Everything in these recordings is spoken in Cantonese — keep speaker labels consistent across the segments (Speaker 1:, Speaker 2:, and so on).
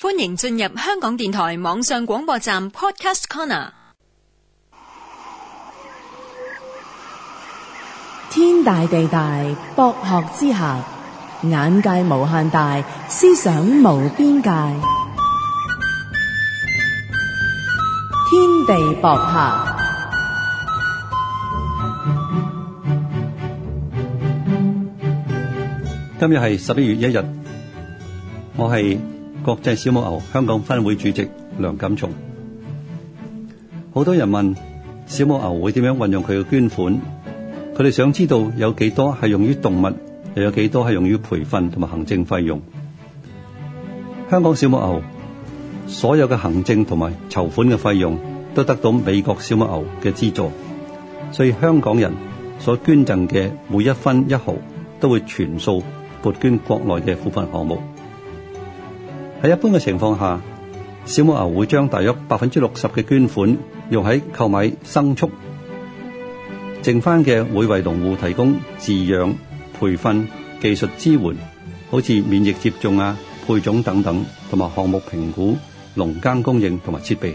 Speaker 1: 歡迎進入香港電台網上廣播站 Podcast Corner。天大地大，博學之下；眼界無限大，思想無邊界。天地博客。今日係十一月一日，我係。國際小母牛香港分會主席梁錦松，好多人問小母牛會點樣運用佢嘅捐款，佢哋想知道有幾多係用於動物，又有幾多係用於培訓同埋行政費用。香港小母牛所有嘅行政同埋籌款嘅費用都得到美國小母牛嘅資助，所以香港人所捐贈嘅每一分一毫都會全數撥捐國內嘅扶貧項目。喺一般嘅情況下，小母牛會將大約百分之六十嘅捐款用喺購買牲畜，剩翻嘅會為農戶提供飼養培訓、技術支援，好似免疫接種啊、配種等等，同埋項目評估、農耕供應同埋設備。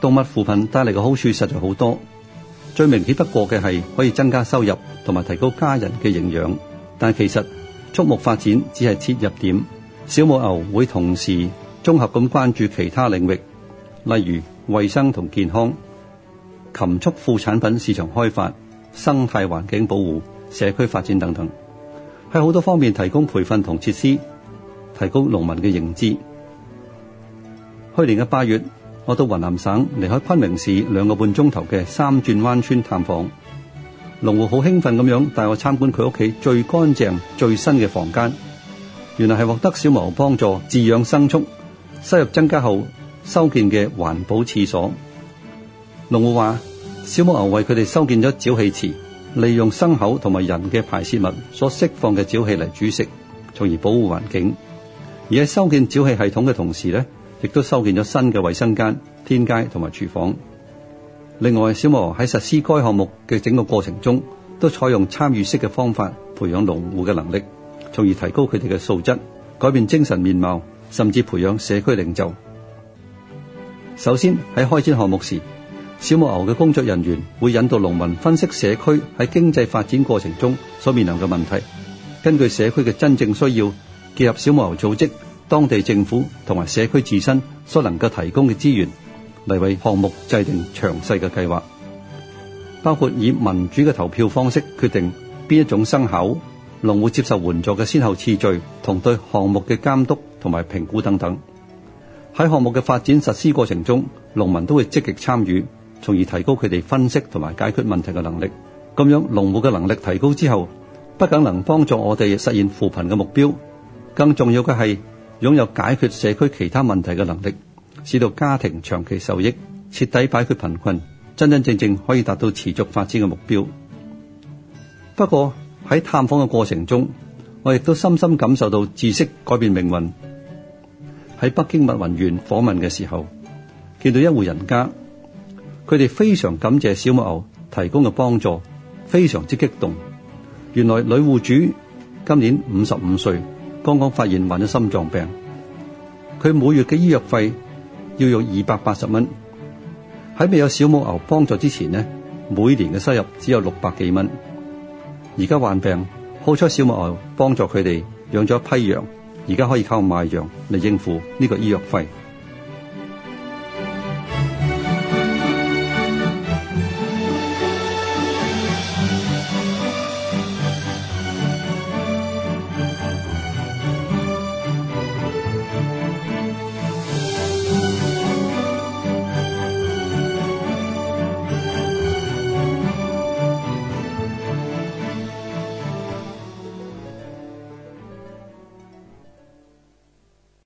Speaker 1: 動物扶貧帶嚟嘅好處實在好多，最明顯不過嘅係可以增加收入同埋提高家人嘅營養。但其實畜牧發展只係切入點。小母牛會同時綜合咁關注其他領域，例如衛生同健康、禽畜副產品市場開發、生態環境保護、社區發展等等。喺好多方面提供培訓同設施，提高農民嘅認知。去年嘅八月，我到雲南省離開昆明市兩個半鐘頭嘅三轉灣村探訪，農戶好興奮咁樣帶我參觀佢屋企最乾淨、最新嘅房間。原來係獲得小母牛幫助飼養牲畜，收入增加後修建嘅環保廁所。農戶話：小母牛為佢哋修建咗沼氣池，利用牲口同埋人嘅排泄物所釋放嘅沼氣嚟煮食，從而保護環境。而喺修建沼氣系統嘅同時咧，亦都修建咗新嘅衛生間、天階同埋廚房。另外，小母牛喺實施該項目嘅整個過程中，都採用參與式嘅方法培養農戶嘅能力。從而提高佢哋嘅素質，改變精神面貌，甚至培養社區領袖。首先喺開展項目時，小母牛嘅工作人員會引導農民分析社區喺經濟發展過程中所面臨嘅問題，根據社區嘅真正需要，結合小母牛組織、當地政府同埋社區自身所能夠提供嘅資源，嚟為項目制定詳細嘅計劃，包括以民主嘅投票方式決定邊一種牲口。農戶接受援助嘅先後次序同對項目嘅監督同埋評估等等，喺項目嘅發展實施過程中，農民都會積極參與，從而提高佢哋分析同埋解決問題嘅能力。咁樣農戶嘅能力提高之後，不僅能幫助我哋實現扶貧嘅目標，更重要嘅係擁有解決社區其他問題嘅能力，使到家庭長期受益，徹底擺脫貧困，真真正正可以達到持續發展嘅目標。不過，喺探訪嘅過程中，我亦都深深感受到知識改變命運。喺北京密雲縣訪問嘅時候，見到一戶人家，佢哋非常感謝小母牛提供嘅幫助，非常之激動。原來女戶主今年五十五歲，剛剛發現患咗心臟病，佢每月嘅醫藥費要用二百八十蚊。喺未有小母牛幫助之前呢，每年嘅收入只有六百幾蚊。而家患病，好彩小母牛幫助佢哋養咗一批羊，而家可以靠賣羊嚟應付呢個醫藥費。